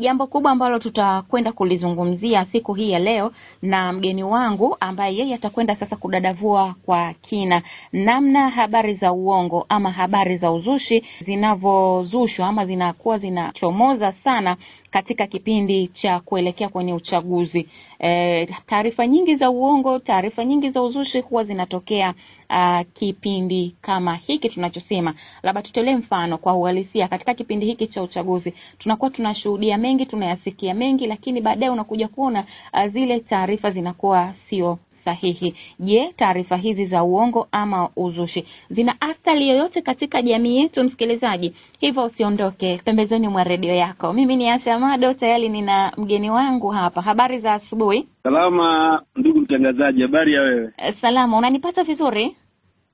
Jambo kubwa ambalo tutakwenda kulizungumzia siku hii ya leo na mgeni wangu ambaye yeye atakwenda sasa kudadavua kwa kina namna habari za uongo ama habari za uzushi zinavyozushwa ama zinakuwa zinachomoza sana katika kipindi cha kuelekea kwenye uchaguzi. E, taarifa nyingi za uongo, taarifa nyingi za uzushi huwa zinatokea uh, kipindi kama hiki tunachosema. Labda tutolee mfano kwa uhalisia. Katika kipindi hiki cha uchaguzi tunakuwa tunashuhudia mengi, tunayasikia mengi, lakini baadaye unakuja kuona uh, zile taarifa zinakuwa sio sahihi. Je, taarifa hizi za uongo ama uzushi zina athari yoyote katika jamii yetu, msikilizaji? Hivyo usiondoke pembezoni mwa redio yako. Mimi ni Asha tayari nina mgeni wangu hapa. Habari za asubuhi. Salama ndugu mtangazaji, habari ya wewe? Eh, salama, unanipata vizuri?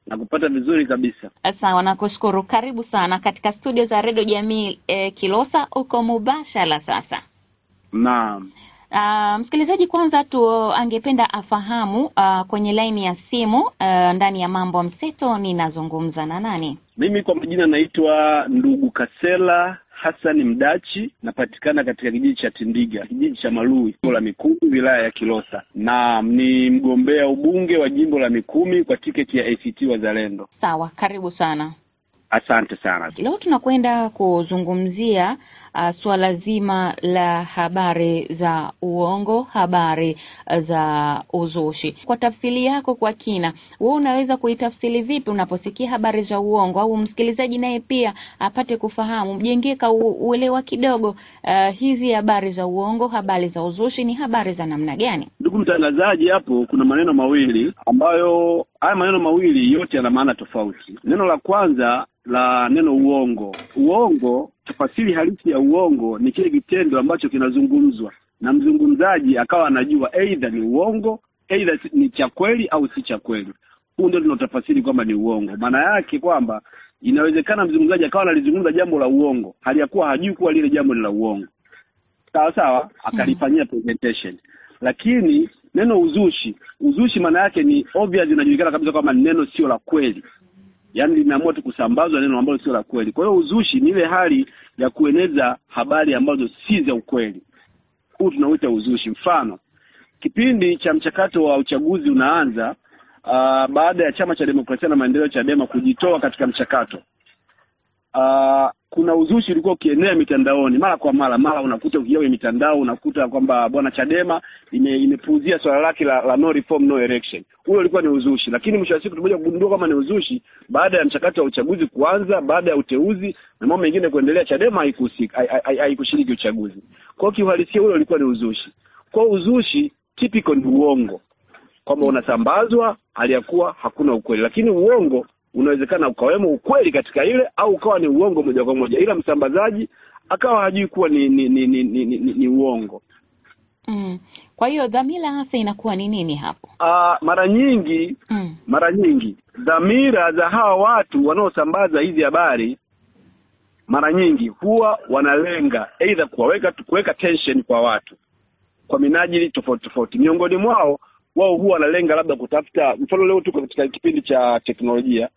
Nakupata vizuri kabisa. Eh, sawa, nakushukuru. Karibu sana katika studio za redio Jamii eh, Kilosa, uko mubashara sasa. Naam. Uh, msikilizaji kwanza tu angependa afahamu uh, kwenye laini ya simu uh, ndani ya mambo mseto ninazungumza na nani? Mimi kwa majina naitwa ndugu Kasela Hassan Mdachi, napatikana katika kijiji cha Tindiga, kijiji cha Malui, jimbo la Mikumi, wilaya ya Kilosa, na ni mgombea ubunge wa jimbo la Mikumi kwa tiketi ya ACT Wazalendo. Sawa, karibu sana. Asante sana. Leo tunakwenda kuzungumzia uh, suala zima la habari za uongo, habari ah, za uzushi. Kwa tafsiri yako kwa kina, wewe unaweza kuitafsiri vipi unaposikia habari za uongo, au msikilizaji naye pia apate kufahamu, mjengee kauelewa kidogo, uh, hizi habari za uongo, habari za uzushi ni habari za namna gani? Ndugu mtangazaji, hapo kuna maneno mawili ambayo haya maneno mawili yote yana maana tofauti. Neno la kwanza la neno uongo. Uongo, tafasiri halisi ya uongo ni kile kitendo ambacho kinazungumzwa na mzungumzaji akawa anajua aidha ni uongo, aidha ni cha kweli au si cha kweli. Huu ndio tunaotafasiri kwamba ni uongo. Maana yake kwamba inawezekana mzungumzaji akawa analizungumza jambo la uongo hali ya kuwa hajui kuwa lile jambo ni la uongo, sawa sawa, akalifanyia presentation. Lakini neno uzushi, uzushi maana yake ni obvious, inajulikana kabisa kwamba neno sio la kweli yaani linaamua tu kusambazwa neno ambalo sio la kweli. Kwa hiyo uzushi ni ile hali ya kueneza habari ambazo si za ukweli, huu tunauita uzushi. Mfano, kipindi cha mchakato wa uchaguzi unaanza Uh, baada ya chama cha demokrasia na maendeleo Chadema kujitoa katika mchakato uh, kuna uzushi ulikuwa ukienea mitandaoni mara kwa mara, mara unakuta ukiingia kwenye mitandao unakuta kwamba bwana Chadema ime, imepuuzia swala lake la, la no reform no election. Huyo ulikuwa ni uzushi, lakini mwisho wa siku tumoja kugundua kama ni uzushi baada ya mchakato wa uchaguzi kuanza, baada ya uteuzi na mambo mengine kuendelea. Chadema haikushiriki uchaguzi. Kwa hiyo kiuhalisia, huyo ulikuwa ni uzushi. Kwa uzushi typical ni uongo kwamba unasambazwa hali ya kuwa hakuna ukweli, lakini uongo unawezekana ukawemo ukweli katika ile au ukawa ni uongo moja kwa moja, ila msambazaji akawa hajui kuwa ni ni ni, ni, ni, ni, ni uongo mm. Kwa hiyo dhamira hasa inakuwa ni nini hapo? Aa, ah, mara nyingi mm. mara nyingi dhamira za hawa watu wanaosambaza hizi habari mara nyingi huwa wanalenga aidha kuwaweka kuweka tension kwa watu kwa minajili tofauti tofauti. Miongoni mwao wao huwa wanalenga labda kutafuta, mfano leo tuko katika kipindi cha teknolojia,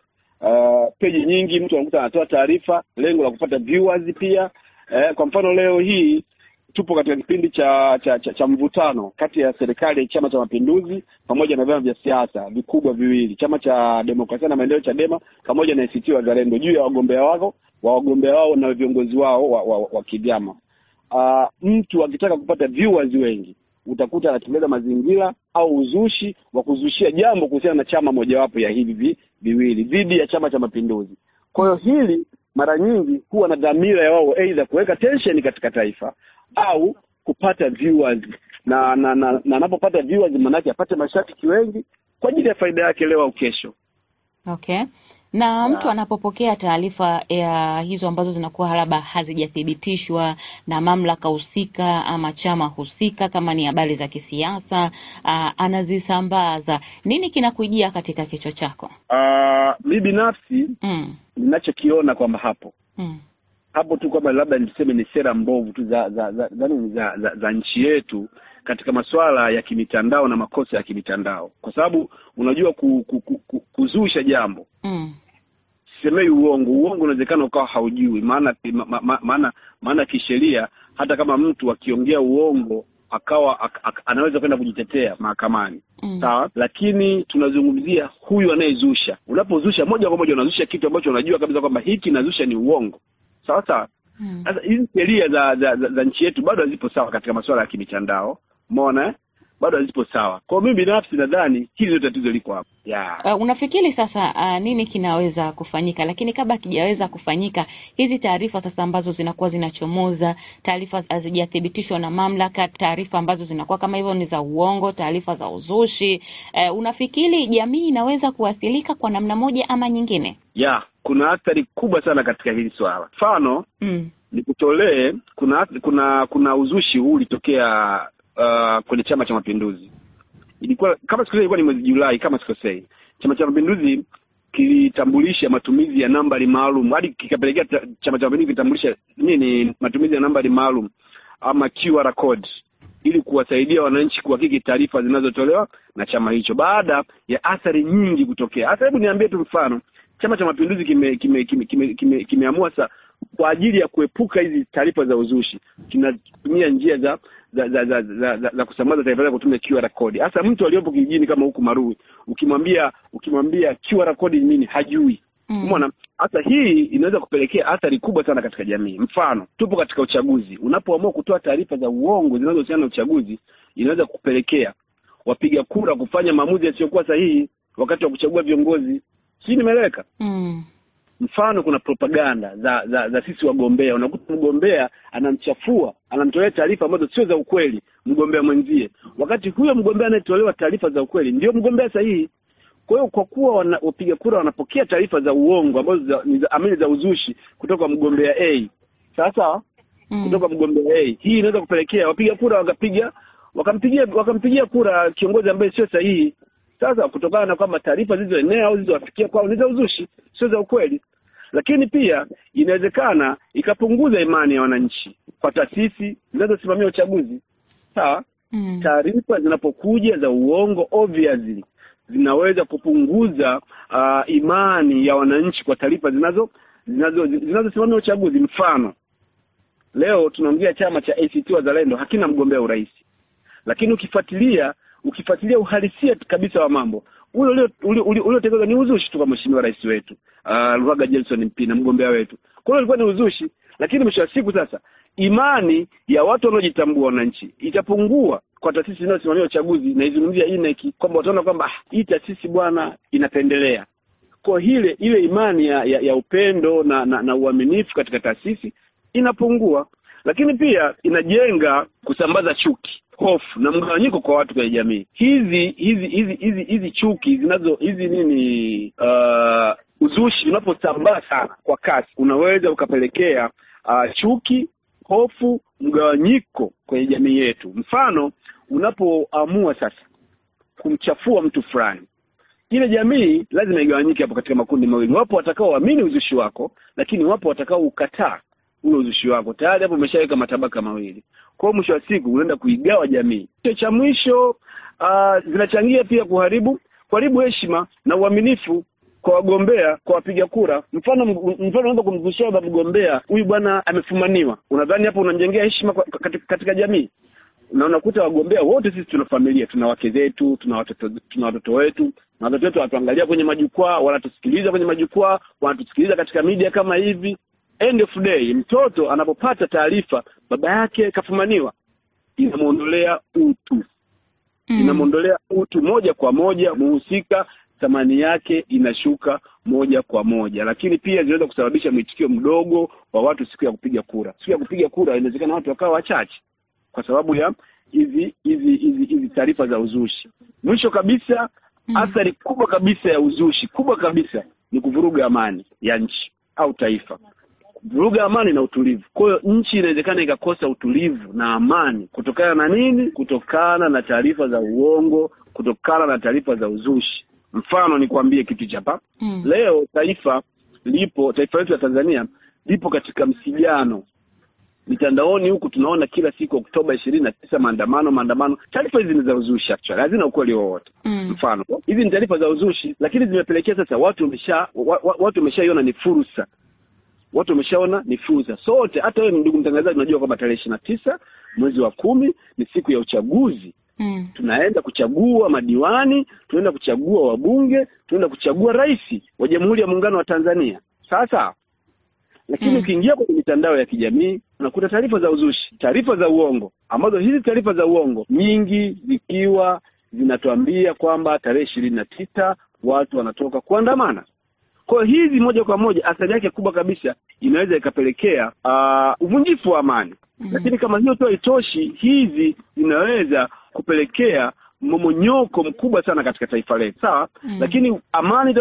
uh, peji nyingi, mtu anakuta anatoa taarifa, lengo la kupata viewers pia. Uh, kwa mfano leo hii tupo katika kipindi cha cha, cha, cha mvutano kati ya serikali ya Chama cha Mapinduzi pamoja na vyama vya siasa vikubwa viwili, Chama cha Demokrasia na Maendeleo Chadema pamoja na ACT Wazalendo juu ya wagombea wao wa wagombea wao na viongozi wao wa, wa, wa, wa kivyama. Uh, mtu akitaka kupata viewers wengi utakuta anatengeneza mazingira au uzushi wa kuzushia jambo kuhusiana na chama mojawapo ya hivi viwili dhidi ya Chama cha Mapinduzi. Kwa hiyo hili mara nyingi huwa na dhamira ya wao aidha kuweka tension katika taifa au kupata viewers na na na anapopata na viewers, maanake apate mashabiki wengi kwa ajili ya faida yake leo au kesho. Okay na mtu anapopokea taarifa ya hizo ambazo zinakuwa labda hazijathibitishwa na mamlaka husika ama chama husika, kama ni habari za kisiasa uh, anazisambaza, nini kinakujia katika kichwa chako? Uh, mi binafsi mm. ninachokiona kwamba hapo mm hapo tu kwamba labda niseme ni sera mbovu tu za za za, za, za, za, za nchi yetu katika masuala ya kimitandao na makosa ya kimitandao, kwa sababu unajua ku, ku, ku, ku, kuzusha jambo mm. Sisemei uongo. Uongo unawezekana ukawa haujui maana ma, ma, maana maana kisheria, hata kama mtu akiongea uongo akawa ak, ak, anaweza kwenda kujitetea mahakamani mm. Sawa, lakini tunazungumzia huyu anayezusha. Unapozusha moja kwa moja unazusha kitu ambacho unajua kabisa kwamba hiki nazusha ni uongo sawa sawa. Hmm. Sasa hizi sheria za, za, za, za nchi yetu bado hazipo sawa katika masuala ya kimitandao, umeona eh? bado hazipo sawa. Kwa mimi binafsi nadhani hili ndio tatizo liko hapo yeah. Uh, unafikiri sasa uh, nini kinaweza kufanyika? Lakini kabla akijaweza kufanyika, hizi taarifa sasa ambazo zinakuwa zinachomoza, taarifa hazijathibitishwa na mamlaka, taarifa ambazo zinakuwa kama hivyo ni za uongo, taarifa za uzushi, uh, unafikiri jamii inaweza kuathirika kwa namna moja ama nyingine? Yeah, kuna athari kubwa sana katika hili swala. Mfano mm. Nikutolee, kuna kuna kuna uzushi huu ulitokea uh, kwenye Chama cha Mapinduzi. Ilikuwa kama sikosei, ilikuwa ni mwezi Julai kama sikosei, Chama cha Mapinduzi kilitambulisha matumizi ya nambari maalum hadi kikapelekea Chama cha Mapinduzi kitambulisha nini, matumizi ya nambari maalum ama QR code ili kuwasaidia wananchi kuhakiki taarifa zinazotolewa na chama hicho baada ya athari nyingi kutokea. Hasa hebu niambie tu mfano, Chama cha Mapinduzi kimeamua kime, kime, kime, kime, kime kwa ajili ya kuepuka hizi taarifa za uzushi, tunatumia njia za za za, za, za, za, za kusambaza taarifa zao kutumia QR code. Hasa mtu aliyepo kijijini kama huku Marui, ukimwambia ukimwambia QR code ni nini, hajui mm. hata hii inaweza kupelekea athari kubwa sana katika jamii. Mfano, tupo katika uchaguzi, unapoamua kutoa taarifa za uongo zinazohusiana na uchaguzi, inaweza kupelekea wapiga kura kufanya maamuzi yasiyokuwa sahihi wakati wa kuchagua viongozi. Si nimeeleweka? mm. Mfano, kuna propaganda za za, za sisi wagombea, unakuta mgombea anamchafua, anamtolea taarifa ambazo sio za ukweli mgombea mwenzie, wakati huyo mgombea anayetolewa taarifa za ukweli ndio mgombea sahihi. Kwa hiyo kwa kuwa wapiga kura wanapokea taarifa za uongo ambazo amini za uzushi kutoka mgombea A, sawasawa mm. kutoka mgombea A, hii inaweza kupelekea wapiga kura wakapiga wakampigia wakampigia kura kiongozi ambaye sio sahihi. Sasa kutokana na kwamba taarifa zilizoenea au zilizowafikia kwao ni za uzushi, sio za ukweli, lakini pia inawezekana ikapunguza imani ya wananchi kwa taasisi zinazosimamia uchaguzi. Sawa, mm. Taarifa zinapokuja za uongo obviously zinaweza kupunguza uh, imani ya wananchi kwa taarifa zinazo zinazosimamia uchaguzi. Mfano, leo tunaongea chama cha ACT Wazalendo hakina mgombea urahisi lakini ukifuatilia ukifuatilia uhalisia kabisa wa mambo ule uliotekelezwa ni uzushi tu kwa mheshimiwa rais wetu uh, Luhaga Johnson Mpina, mgombea wetu. Kwa hiyo ilikuwa ni uzushi, lakini mwisho wa siku sasa imani ya watu wanaojitambua wananchi itapungua kwa taasisi inayosimamia uchaguzi, naizungumzia INEC, kwamba wataona kwamba ah, hii taasisi bwana inapendelea kwa hile ile imani ya, ya, ya upendo na, na, na uaminifu katika taasisi inapungua lakini pia inajenga kusambaza chuki hofu na mgawanyiko kwa watu kwenye jamii. Hizi hizi hizi hizi hizi chuki zinazo hizi nini, uh, uzushi unaposambaa sana kwa kasi unaweza ukapelekea uh, chuki, hofu, mgawanyiko kwenye jamii yetu. Mfano, unapoamua sasa kumchafua mtu fulani, ile jamii lazima igawanyike hapo katika makundi mawili. Wapo watakao uamini uzushi wako, lakini wapo watakao ukataa ule uzushi wako tayari hapo umeshaweka matabaka mawili. kwao mwisho wa siku unaenda kuigawa jamii. Kitu cha mwisho uh, zinachangia pia kuharibu kuharibu heshima na uaminifu kwa wagombea, kwa wapiga kura. Mfano, mfano unaweza kumzushia baba mgombea, huyu bwana amefumaniwa. Unadhani hapo unamjengea heshima katika, katika jamii? Na unakuta wagombea wote sisi tuna familia, tuna wake zetu, tuna watoto, tuna watoto wetu na watoto wetu wanatuangalia kwenye majukwaa, wanatusikiliza kwenye majukwaa, wanatusikiliza katika media kama hivi end of day mtoto anapopata taarifa baba yake kafumaniwa, inamwondolea utu mm. inamwondolea utu moja kwa moja, muhusika thamani yake inashuka moja kwa moja, lakini pia zinaweza kusababisha mwitikio mdogo wa watu siku ya kupiga kura. Siku ya kupiga kura inawezekana watu wakawa wachache kwa sababu ya hizi hizi hizi hizi taarifa za uzushi. Mwisho kabisa mm. athari kubwa kabisa ya uzushi kubwa kabisa ni kuvuruga amani ya nchi au taifa vuruga amani na utulivu. Kwa hiyo nchi inawezekana ikakosa utulivu na amani kutokana na nini? Kutokana na taarifa za uongo, kutokana na taarifa za uzushi. Mfano nikuambie kitu chapa mm. Leo taifa lipo, taifa letu la Tanzania lipo katika msigano mitandaoni huku tunaona kila siku Oktoba ishirini na tisa maandamano maandamano. Taarifa hizi ni za uzushi actually, hazina ukweli wowote mm. Mfano hizi ni taarifa za uzushi, lakini zimepelekea sasa watu wamesha wa, wa, watu wameshaiona ni fursa watu wameshaona ni fursa sote. Hata wewe ndugu mtangazaji, unajua kwamba tarehe ishirini na tisa mwezi wa kumi ni siku ya uchaguzi mm. Tunaenda kuchagua madiwani, tunaenda kuchagua wabunge, tunaenda kuchagua rais wa Jamhuri ya Muungano wa Tanzania. Sasa lakini mm. ukiingia kwenye mitandao ya kijamii unakuta taarifa za uzushi, taarifa za uongo, ambazo hizi taarifa za uongo nyingi zikiwa zinatuambia kwamba tarehe ishirini na tisa watu wanatoka kuandamana. Kwa hizi moja kwa moja athari yake kubwa kabisa inaweza ikapelekea ah, uvunjifu wa amani mm -hmm. Lakini kama hiyo tu haitoshi, hizi zinaweza kupelekea momonyoko mkubwa sana katika taifa letu, sawa mm. Lakini amani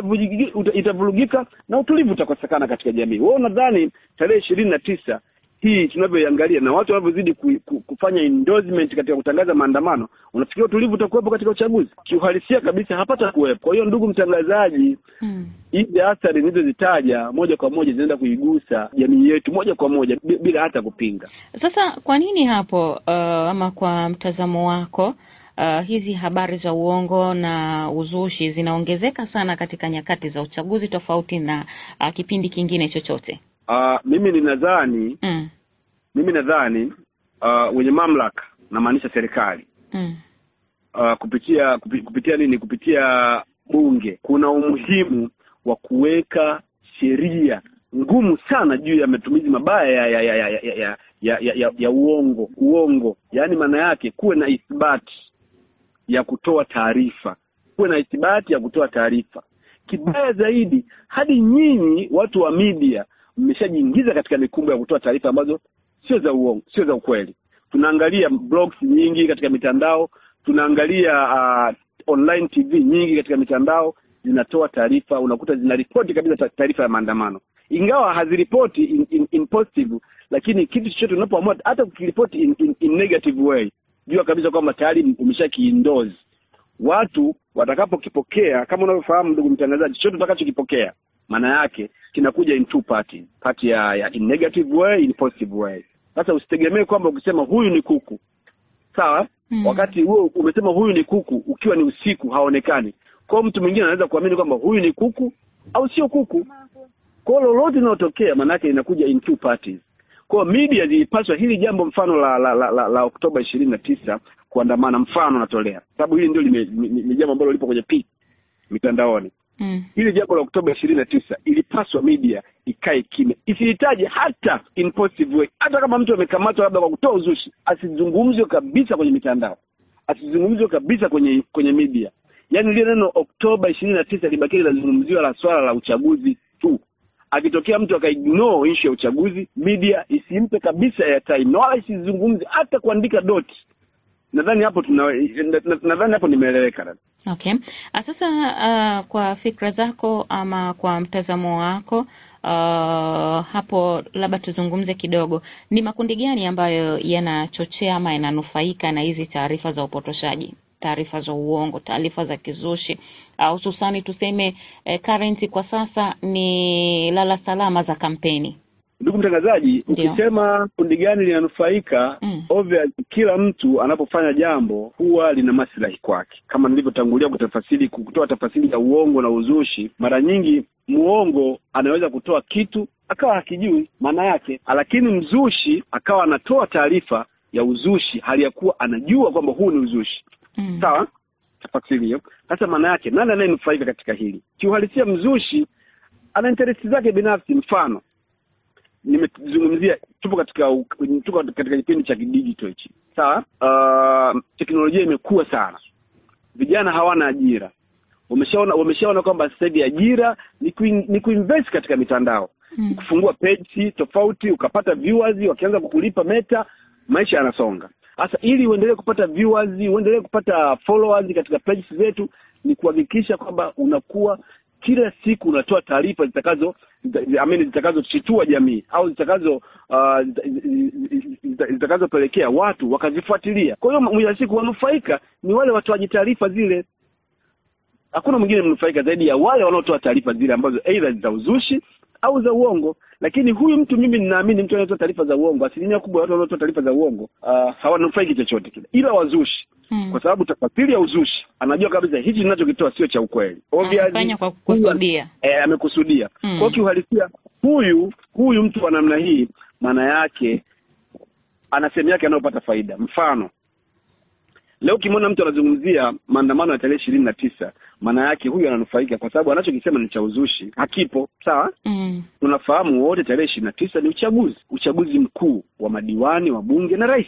itavurugika na utulivu utakosekana katika jamii. wao nadhani tarehe ishirini na tisa hii tunavyoiangalia na watu wanavyozidi ku, ku, kufanya endorsement katika kutangaza maandamano, unafikiria utulivu utakuwepo katika uchaguzi? Kiuhalisia kabisa hapata kuwepo. Kwa hiyo ndugu mtangazaji, hmm. hizi hmm, athari nilizozitaja moja kwa moja zinaenda kuigusa jamii yetu moja kwa moja bila hata kupinga. Sasa kwa nini hapo, uh, ama kwa mtazamo wako Uh, hizi habari za uongo na uzushi zinaongezeka sana katika nyakati za uchaguzi tofauti na uh, kipindi kingine chochote. Uh, mimi ninadhani mm. mimi nadhani uh, wenye mamlaka namaanisha serikali mm. uh, kupitia kupi, kupitia nini kupitia bunge kuna umuhimu wa kuweka sheria ngumu sana juu ya matumizi mabaya ya ya ya ya ya, ya, ya, ya, ya uongo uongo, yaani maana yake kuwe na ithibati ya kutoa taarifa, kuwe na ithibati ya kutoa taarifa. Kibaya zaidi, hadi nyinyi watu wa media mmeshajiingiza katika mikumbo ya kutoa taarifa ambazo sio za uongo, sio za ukweli. Tunaangalia blogs nyingi katika mitandao, tunaangalia uh, online TV nyingi katika mitandao zinatoa taarifa, unakuta zinaripoti kabisa taarifa ya maandamano, ingawa haziripoti in, in, in positive, lakini kitu chochote unapoamua hata kukiripoti in, in, in negative way, jua kabisa kwamba tayari umeshakiindozi watu watakapokipokea. Kama unavyofahamu ndugu mtangazaji, chochote utakachokipokea maana yake kinakuja in two party party ya, ya in negative way in positive way sasa usitegemee kwamba ukisema huyu ni kuku sawa mm. wakati huo umesema huyu ni kuku ukiwa ni usiku haonekani kwao mtu mwingine anaweza kuamini kwamba huyu ni kuku au sio kuku kwao lolote linalotokea maanaake inakuja in two parties kwao media zilipaswa hili jambo mfano la la, la, la, la oktoba ishirini na tisa kuandamana mfano natolea sababu hili ndio ni jambo ambalo lipo kwenye peak mitandaoni mm. Hili jambo la Oktoba ishirini na tisa ilipaswa media ikae kimya, isihitaji hata in positive way. Hata kama mtu amekamatwa labda kwa kutoa uzushi, asizungumzwe kabisa kwenye mitandao, asizungumzwe kabisa kwenye kwenye media. Yaani lile neno Oktoba ishirini na tisa libakie linazungumziwa la swala la uchaguzi tu. Akitokea mtu akaignore issue ya uchaguzi, media isimpe kabisa airtime na wala isizungumze hata kuandika dot. Nadhani hapo tuna nadhani hapo nimeeleweka. Okay. Ah, sasa uh, kwa fikra zako ama kwa mtazamo wako uh, hapo labda tuzungumze kidogo, ni makundi gani ambayo yanachochea ama yananufaika na hizi taarifa za upotoshaji, taarifa za uongo, taarifa za kizushi, hususani tuseme uh, currency kwa sasa ni lala salama za kampeni? Ndugu mtangazaji, ukisema kundi gani linanufaika mm. Obvious, kila mtu anapofanya jambo huwa lina maslahi kwake, kama nilivyotangulia kutafasili kutoa tafasiri ya uongo na uzushi. Mara nyingi muongo anaweza kutoa kitu akawa hakijui maana yake, lakini mzushi akawa anatoa taarifa ya uzushi hali ya kuwa anajua kwamba huu ni uzushi mm. Sawa, tafasili hiyo. Sasa maana yake nani anayenufaika katika hili? Kiuhalisia, mzushi ana interesti zake binafsi, mfano nimezungumzia, tupo katika tuko katika kipindi cha kidigito hichi, sawa. Uh, teknolojia imekuwa sana, vijana hawana ajira, wameshaona wameshaona kwamba sasa hivi ajira ni, kuin, ni kuinvest katika mitandao mm. kufungua page tofauti ukapata viewers, wakianza kukulipa Meta, maisha yanasonga. Sasa ili uendelee kupata viewers, uendelee kupata followers katika pages zetu, ni kuhakikisha kwamba unakuwa kila siku unatoa taarifa zitakazo amini zitakazochitua jamii au zitakazo uh, zitakazopelekea watu wakazifuatilia. Kwa hiyo mwisho wa siku wanufaika ni wale watoaji taarifa zile. Hakuna mwingine mnufaika zaidi ya wale wanaotoa taarifa zile ambazo aidha za uzushi au za uongo. Lakini huyu mtu mimi ninaamini mtu anayetoa taarifa za uongo, asilimia kubwa ya watu wanaotoa taarifa za uongo uh, hawanufaiki chochote kile, ila wazushi hmm, kwa sababu tafsiri ya uzushi anajua kabisa hichi ninachokitoa sio cha ukweli, obviously kwa kukusudia. Eh, amekusudia mm. Kwa kiuhalisia huyu huyu mtu wa namna hii, maana yake ana sehemu yake anayopata faida. Mfano, leo ukimwona mtu anazungumzia maandamano ya tarehe ishirini na tisa, maana yake huyu ananufaika kwa sababu anachokisema ni cha uzushi, hakipo sawa. mm. Tunafahamu wote tarehe ishirini na tisa ni uchaguzi, uchaguzi mkuu wa madiwani, wa bunge na rais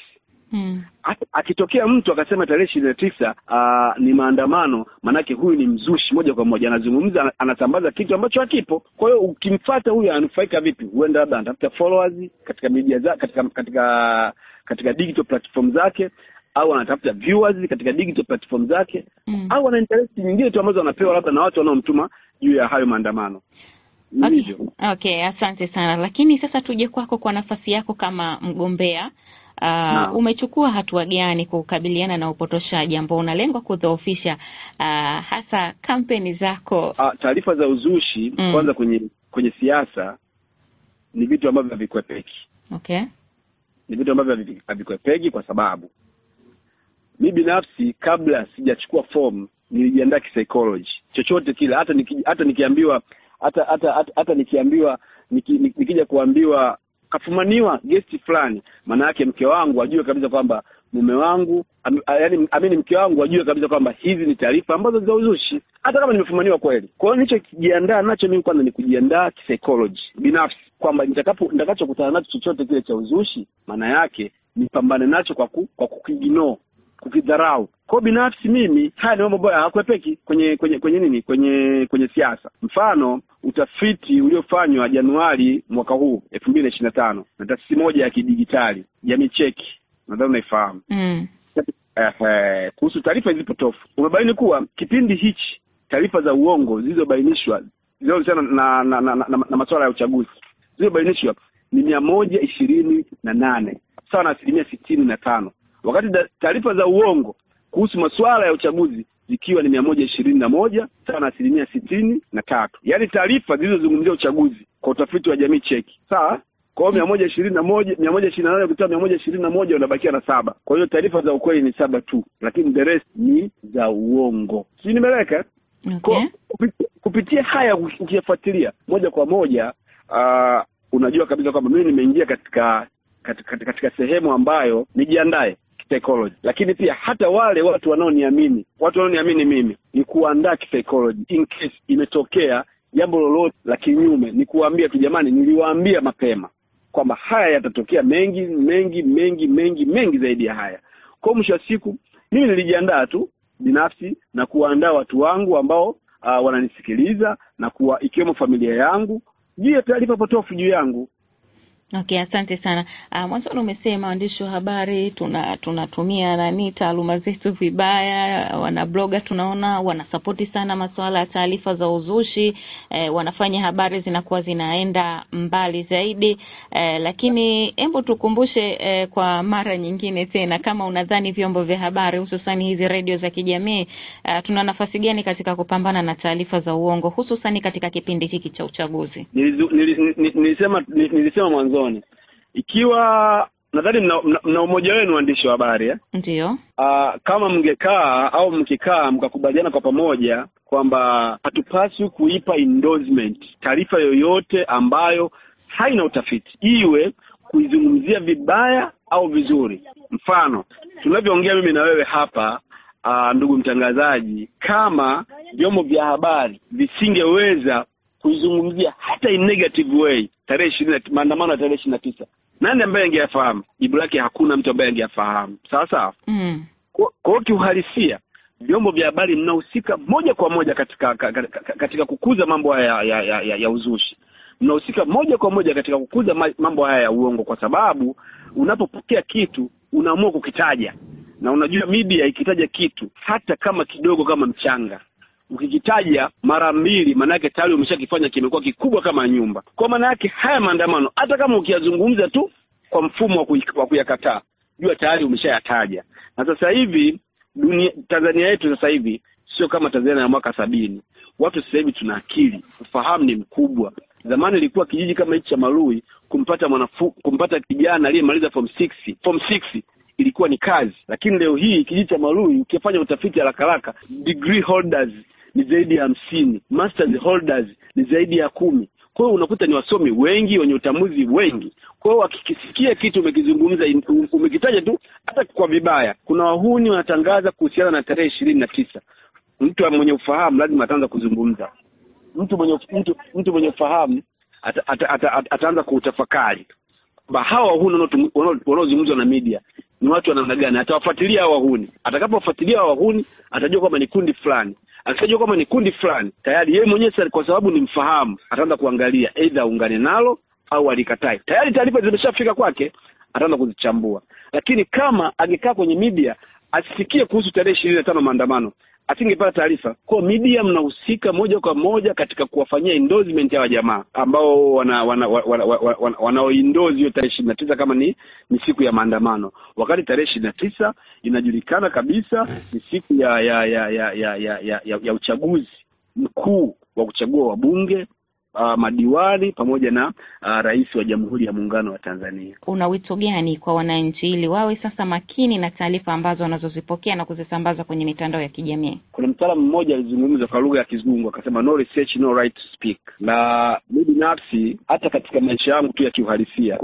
Hmm. Akitokea mtu akasema tarehe ishirini na tisa ah, ni maandamano, maanake huyu ni mzushi moja kwa moja, anazungumza, anasambaza kitu ambacho hakipo. Kwa hiyo ukimfata huyu ananufaika vipi? Huenda labda anatafuta followers katika media za katika katika katika digital platform zake au anatafuta viewers katika digital platform zake hmm. au ana interest nyingine tu ambazo anapewa labda na watu wanaomtuma juu ya hayo maandamano. Okay. Okay, asante sana. Lakini sasa tuje kwako kwa nafasi yako kama mgombea uh, umechukua hatua gani kukabiliana na upotoshaji ambao unalengwa kudhoofisha uh, hasa kampeni zako? Uh, taarifa za uzushi mm. Kwanza kwenye kwenye siasa ni vitu ambavyo havikwepeki. Okay, ni vitu ambavyo havikwepeki kwa sababu mi binafsi kabla sijachukua fomu nilijiandaa kisaikolojia chochote kile, hata niki, hata nikiambiwa hata hata hata, hata nikiambiwa niki, nikija kuambiwa kafumaniwa gesti fulani, maana yake mke wangu ajue kabisa kwamba mume wangu am, amini mke wangu ajue kabisa kwamba hizi ni taarifa ambazo za uzushi, hata kama nimefumaniwa kweli. Kwa hiyo nilichojiandaa nacho mimi kwanza ni kujiandaa kisaikoloji binafsi kwamba nitakapo nitakachokutana nacho chochote kile cha uzushi, maana yake nipambane nacho kwa ku, kwa kukiginoo kukidharau kwao binafsi mimi, haya ni mambo ambayo hakwepeki kwenye kwenye kwenye nini, kwenye kwenye siasa. Mfano utafiti uliofanywa Januari mwaka huu elfu mbili na ishirini na tano na taasisi moja ya kidijitali Jamii Cheki, nadhani unaifahamu mm. Eh, kuhusu taarifa zilipotofu umebaini kuwa kipindi hichi taarifa za uongo zilizobainishwa zinazohusiana na na, na, na, na masuala ya uchaguzi zilizobainishwa ni mia moja ishirini na nane sawa na asilimia sitini na tano wakati taarifa za uongo kuhusu masuala ya uchaguzi zikiwa ni mia moja ishirini na moja sawa na asilimia sitini na tatu yaani taarifa zilizozungumzia uchaguzi kwa utafiti wa jamii cheki sawa kwa hiyo mia moja ishirini na moja mia moja ishirini na nane ukitoa mia moja ishirini na moja unabakia na saba kwa hiyo taarifa za ukweli ni saba tu lakini the rest ni za uongo si nimeleka okay. kupitia, kupitia haya ukiyafuatilia moja kwa moja uh, unajua kabisa kwamba mimi nimeingia katika katika, katika sehemu ambayo nijiandae psychology, lakini pia hata wale watu wanaoniamini, watu wanaoniamini mimi, ni kuandaa psychology in case imetokea jambo lolote la kinyume, ni kuwaambia tu, jamani, niliwaambia mapema kwamba haya yatatokea mengi mengi mengi mengi mengi zaidi ya haya. Kwa mwisho wa siku, mimi nilijiandaa tu binafsi na kuwaandaa watu wangu ambao uh, wananisikiliza na kuwa ikiwemo familia yangu juu ya taarifa potofu juu yangu. Okay, asante sana. Uh, mwanzoni umesema waandishi wa habari tuna tunatumia nani taaluma zetu vibaya. Wanabloga tunaona wanasapoti sana masuala ya taarifa za uzushi eh, wanafanya habari zinakuwa zinaenda mbali zaidi eh, lakini hebu tukumbushe eh, kwa mara nyingine tena, kama unadhani vyombo vya habari hususani hizi redio za kijamii eh, tuna nafasi gani katika kupambana na taarifa za uongo hususani katika kipindi hiki cha uchaguzi? Nilisema nilisema mwanzo mwanzoni, ikiwa nadhani mna, mna, mna umoja wenu waandishi wa habari eh? Ndio. Ah, kama mngekaa au mkikaa mkakubaliana kwa pamoja kwamba hatupaswi kuipa endorsement taarifa yoyote ambayo haina utafiti, iwe kuizungumzia vibaya au vizuri. Mfano, tunavyoongea mimi na wewe hapa aa, ah, ndugu mtangazaji, kama vyombo vya habari visingeweza kuizungumzia hata in negative way tarehe ishirini maandamano ya tarehe ishirini na tisa nani ambaye angeyafahamu jibu lake hakuna mtu ambaye angeyafahamu sawasawa mm. kwa kiuhalisia vyombo vya habari mnahusika moja kwa moja katika katika kukuza mambo haya ya, ya, ya, ya uzushi mnahusika moja kwa moja katika kukuza mambo haya ya uongo kwa sababu unapopokea kitu unaamua kukitaja na unajua media ikitaja kitu hata kama kidogo kama mchanga ukikitaja mara mbili, maanake tayari umeshakifanya kimekuwa kikubwa kama nyumba. Kwa maana yake haya maandamano, hata kama ukiyazungumza tu kwa mfumo wa kuyakataa, jua tayari umeshayataja. Na sasa hivi dunia, Tanzania yetu sasa hivi sio kama Tanzania ya mwaka sabini. Watu sasa hivi tuna akili, ufahamu ni mkubwa. Zamani ilikuwa kijiji kama hichi cha Marui kumpata mwanafu, kumpata kijana aliyemaliza form six, form six ilikuwa ni kazi, lakini leo hii kijiji cha Marui ukifanya utafiti haraka haraka degree holders ni zaidi ya hamsini, masters holders ni zaidi ya kumi. Kwa hiyo unakuta ni wasomi wengi wenye utamuzi wengi. Kwa hiyo wakikisikia kitu umekizungumza, um- umekitaja tu hata kwa vibaya, kuna wahuni wanatangaza kuhusiana na tarehe ishirini na tisa. Mtu mwenye ufahamu lazima ataanza kuzungumza. Mtu mwenye mtu, mtu mwenye ufahamu ataanza ata, ata, ata, ata kuutafakari hawa wahuni wanaozungumzwa na media ni watu wa namna gani, atawafuatilia hao wahuni. Atakapofuatilia hao wahuni, atajua kwamba ni kundi fulani. Akishajua kwamba ni kundi fulani, tayari yeye mwenyewe kwa sababu ni mfahamu, ataanza kuangalia aidha aungane nalo au alikatae. Tayari taarifa zimeshafika kwake, ataanza kuzichambua. Lakini kama angekaa kwenye media asisikie kuhusu tarehe ishirini na tano maandamano, asingepata taarifa. Kwa media mnahusika moja kwa moja katika kuwafanyia endorsement hawa jamaa ambao wana wanaoindozi wana, wana, wana, wana, wana hiyo tarehe ishirini na tisa kama ni ni siku ya maandamano, wakati tarehe ishirini na tisa inajulikana kabisa ni siku ya ya ya ya ya, ya, ya, ya, ya uchaguzi mkuu wa kuchagua wabunge uh, madiwani pamoja na uh, rais wa Jamhuri ya Muungano wa Tanzania. Una wito gani kwa wananchi ili wawe sasa makini na taarifa ambazo wanazozipokea na kuzisambaza kwenye mitandao ya kijamii? Kuna mtaalamu mmoja alizungumza kwa lugha ya Kizungu akasema no research, no right to speak, na mi binafsi hata katika maisha yangu tu ya kiuhalisia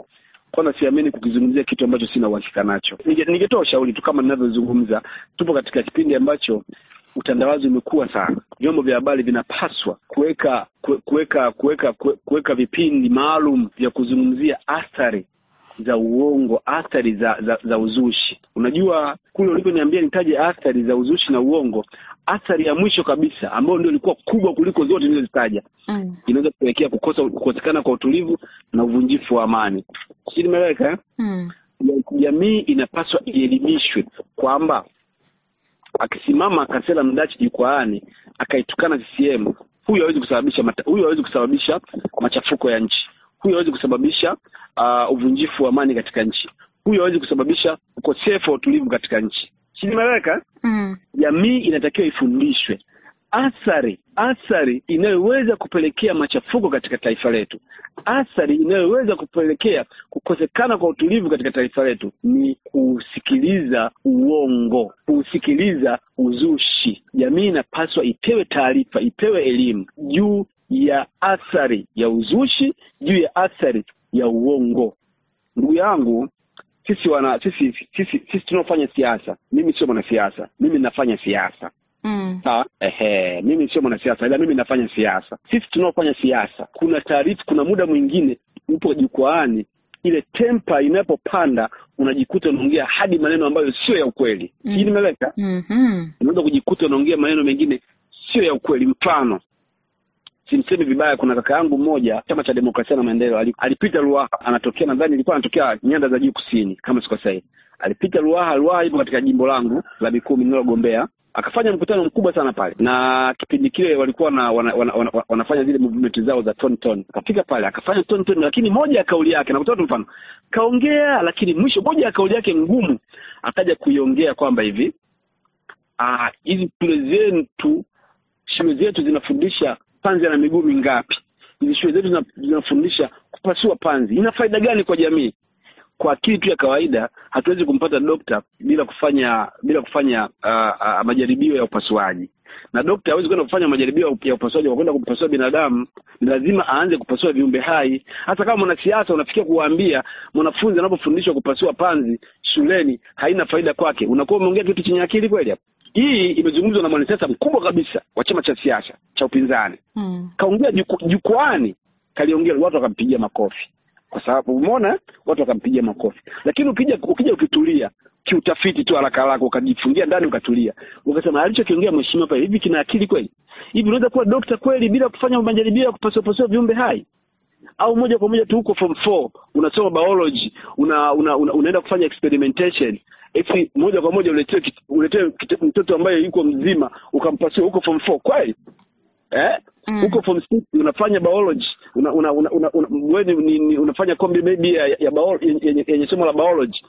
kwanza siamini kukizungumzia kitu ambacho sina uhakika nacho. Ningetoa ushauri tu kama ninavyozungumza, tupo katika kipindi ambacho utandawazi umekuwa sana. Vyombo vya habari vinapaswa kuweka kuweka kuweka kuweka vipindi maalum vya kuzungumzia athari za uongo, athari za, za za uzushi. Unajua kule ulivyoniambia nitaje athari za uzushi na uongo, athari ya mwisho kabisa ambayo ndio ilikuwa kubwa kuliko zote nilizozitaja, mm. inaweza kupelekea kukosa kukosekana kwa utulivu na uvunjifu wa amani. Sijui nimeeleweka eh? mm. Jamii inapaswa ielimishwe kwamba akisimama akasela Mdachi jukwaani akaitukana CCM, huyu hawezi kusababisha mata, huyu hawezi kusababisha machafuko ya nchi, huyu hawezi kusababisha uh, uvunjifu wa amani katika nchi, huyu hawezi kusababisha ukosefu wa utulivu katika nchi. Mm. Jamii inatakiwa ifundishwe athari athari inayoweza kupelekea machafuko katika taifa letu, athari inayoweza kupelekea kukosekana kwa utulivu katika taifa letu ni kusikiliza uongo, kusikiliza uzushi. Jamii inapaswa ipewe taarifa, ipewe elimu juu ya athari ya uzushi, juu ya athari ya uongo. Ndugu yangu, sisi wana sisi sisi, sisi tunaofanya siasa, mimi sio mwanasiasa, mimi nafanya siasa mm. ehe mimi sio mwanasiasa ila mimi nafanya siasa sisi tunaofanya siasa kuna taarifa kuna muda mwingine upo jukwaani ile tempa inapopanda unajikuta unaongea hadi maneno ambayo sio ya ukweli mm. hii nimeleka mm-hmm. unaweza kujikuta unaongea maneno mengine sio ya ukweli mfano simsemi vibaya kuna kaka yangu mmoja chama cha demokrasia na maendeleo alipita ruaha anatokea nadhani ilikuwa anatokea nyanda za juu kusini kama sikosei alipita ruaha ruaha ipo katika jimbo langu la mikumi ninalogombea akafanya mkutano mkubwa sana pale, na kipindi kile walikuwa na, wana, wana, wana, wanafanya zile movement zao za ton ton. Akafika pale akafanya ton ton, lakini moja ya kauli yake, nakutoa tu mfano, kaongea lakini mwisho, moja ya kauli yake ngumu akaja kuiongea kwamba hivi ah, hizi shule zetu shule zetu zinafundisha panzi na miguu mingapi? Hizi shule zetu zinafundisha kupasua panzi, ina faida gani kwa jamii? kwa akili tu ya kawaida hatuwezi kumpata dokta bila kufanya bila kufanya uh, uh, majaribio ya upasuaji na dokta hawezi kwenda kufanya majaribio ya upasuaji kwa kwenda kumpasua binadamu, ni lazima aanze kupasua viumbe hai. Hata kama mwanasiasa unafikia kuwaambia mwanafunzi anapofundishwa kupasua panzi shuleni haina faida kwake, unakuwa umeongea kitu chenye akili kweli? Hapo hii imezungumzwa na mwanasiasa mkubwa kabisa wa chama cha siasa cha upinzani hmm. Kaongea jukwani kaliongea watu wakampigia makofi kwa sababu umeona watu wakampigia makofi. Lakini ukija ukija ukitulia kiutafiti tu haraka haraka, ukajifungia ndani ukatulia, ukasema alichokiongea mheshimiwa pale, hivi kina akili kweli? Hivi unaweza kuwa dokta kweli bila kufanya majaribio ya kupasuapasua viumbe hai? Au moja kwa moja tu huko form 4 unasoma biology, una, una, una, unaenda kufanya experimentation eti moja kwa moja uletee uletee mtoto ambaye yuko mzima ukampasua huko form 4 kweli eh? mm. huko form 6 unafanya biology una, una, una, una, una, ni, ni, unafanya kombi maybe ya, ya yenye, yenye somo la biology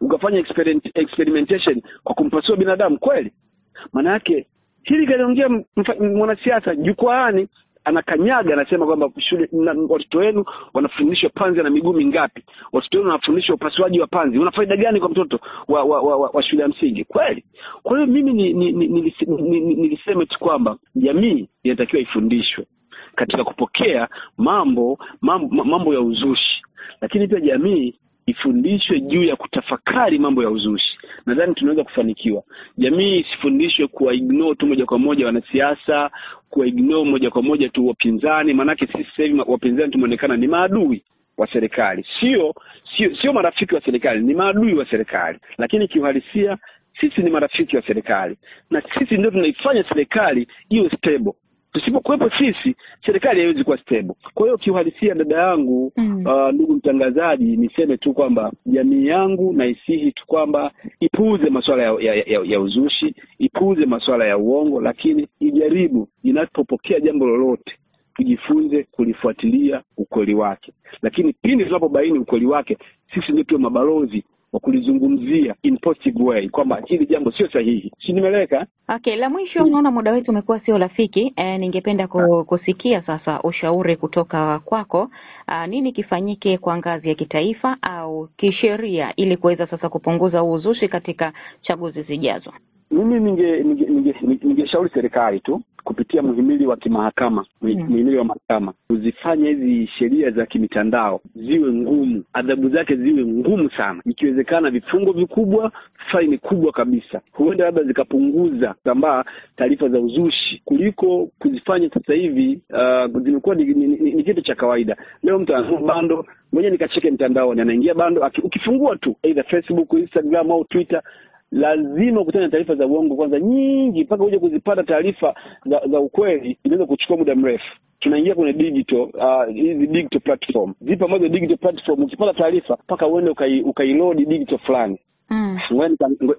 ukafanya experiment, experimentation kwa kumpasua binadamu kweli? Maana yake hili kaliongea mwanasiasa jukwaani anakanyaga anasema kwamba shule watoto wenu wanafundishwa panzi na miguu mingapi, watoto wenu wanafundishwa upasuaji wa panzi, una faida gani kwa mtoto wa wa, wa, wa, wa shule ya msingi kweli? Kwa hiyo mimi nilisema ni, ni, ni, ni, ni, ni, ni, ni, tu kwamba jamii inatakiwa ifundishwe katika kupokea mambo mambo, mambo ya uzushi, lakini pia jamii ifundishwe juu ya kutafakari mambo ya uzushi. Nadhani tunaweza kufanikiwa. Jamii isifundishwe kuwa ignore tu moja kwa moja wanasiasa, kuwa ignore moja kwa moja tu wapinzani, maanake sisi sasa hivi wapinzani tumeonekana ni maadui wa serikali, sio sio sio marafiki wa serikali, ni maadui wa serikali, lakini kiuhalisia sisi ni marafiki wa serikali na sisi ndio tunaifanya serikali iwe stable. Tusipokuwepo sisi, serikali haiwezi kuwa stable. Kwa hiyo kiuhalisia, dada yangu mm. Uh, ndugu mtangazaji, niseme tu kwamba jamii yangu naisihi tu kwamba ipuuze masuala ya, ya, ya, ya uzushi, ipuuze masuala ya uongo, lakini ijaribu inapopokea jambo lolote tujifunze kulifuatilia ukweli wake, lakini pindi tunapobaini ukweli wake, sisi ndio tuwe mabalozi wa kulizungumzia in positive way kwamba hili jambo sio sahihi. Si nimeleweka? Okay, la mwisho, unaona muda wetu umekuwa sio rafiki e, ningependa kusikia sasa ushauri kutoka kwako. A, nini kifanyike kwa ngazi ya kitaifa au kisheria ili kuweza sasa kupunguza uuzushi katika chaguzi zijazo? mimi ningeshauri ninge, ninge, ninge, serikali tu kupitia mhimili wa kimahakama hmm. mhimili wa mahakama kuzifanya hizi sheria za kimitandao ziwe ngumu, adhabu zake ziwe ngumu sana, ikiwezekana vifungo vikubwa, faini kubwa kabisa. Huenda labda zikapunguza kusambaa taarifa za uzushi kuliko kuzifanya sasa hivi. Uh, zimekuwa ni, ni, ni, ni kitu cha kawaida. Leo mtu anaa bando moja nikacheke mtandaoni, anaingia bando, ukifungua tu aidha Facebook, Instagram au Twitter lazima ukutane na taarifa za uongo kwanza nyingi, mpaka uje kuzipata taarifa za, za ukweli, inaweza kuchukua muda mrefu. Tunaingia kwenye digital uh, hizi uh, digital platform zipo ambazo digital platform ukipata taarifa mpaka uende ukai, ukaiload digital fulani mm.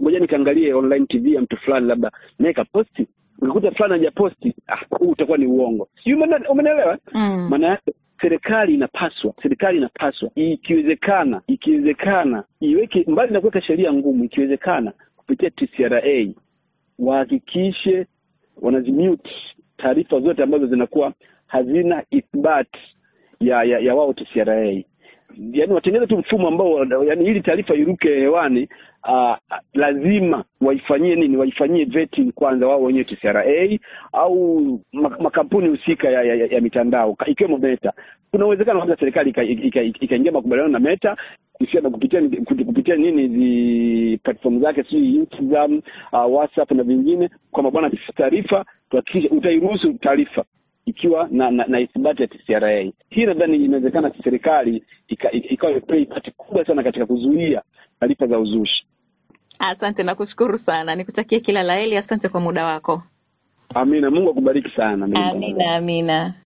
Ngoja nikaangalie online TV ya mtu fulani, labda naye kaposti ukikuta fulani hajaposti, ah, utakuwa ni uongo. Sijui umeelewa? Mm. Maana yake serikali inapaswa serikali inapaswa ikiwezekana ikiwezekana iweke mbali na kuweka sheria ngumu, ikiwezekana kupitia TCRA wahakikishe wanazimute taarifa zote ambazo zinakuwa hazina ithibati ya, ya, ya wao TCRA yani watengeze tu mfumo ambao yani ili taarifa iruke hewani uh, lazima waifanyie nini waifanyie vetting kwanza wao wenyewe TCRA au makampuni husika ya, ya, ya, ya mitandao ikiwemo Meta. Kuna uwezekano labda serikali ikaingia ika, ika, makubaliano na Meta kuhusiana kupitia kupitia nini zi platform zake si Instagram, uh, WhatsApp na vingine kwa bwana taarifa tuhakikishe utairuhusu taarifa ikiwa na na, na ithibati ya TCRA. Hii nadhani inawezekana serikali ikawa imeplay part kubwa sana katika kuzuia taarifa za uzushi. Asante na kushukuru sana, nikutakie kila la heri. Asante kwa muda wako. Amina, Mungu akubariki sana. Amina, amina.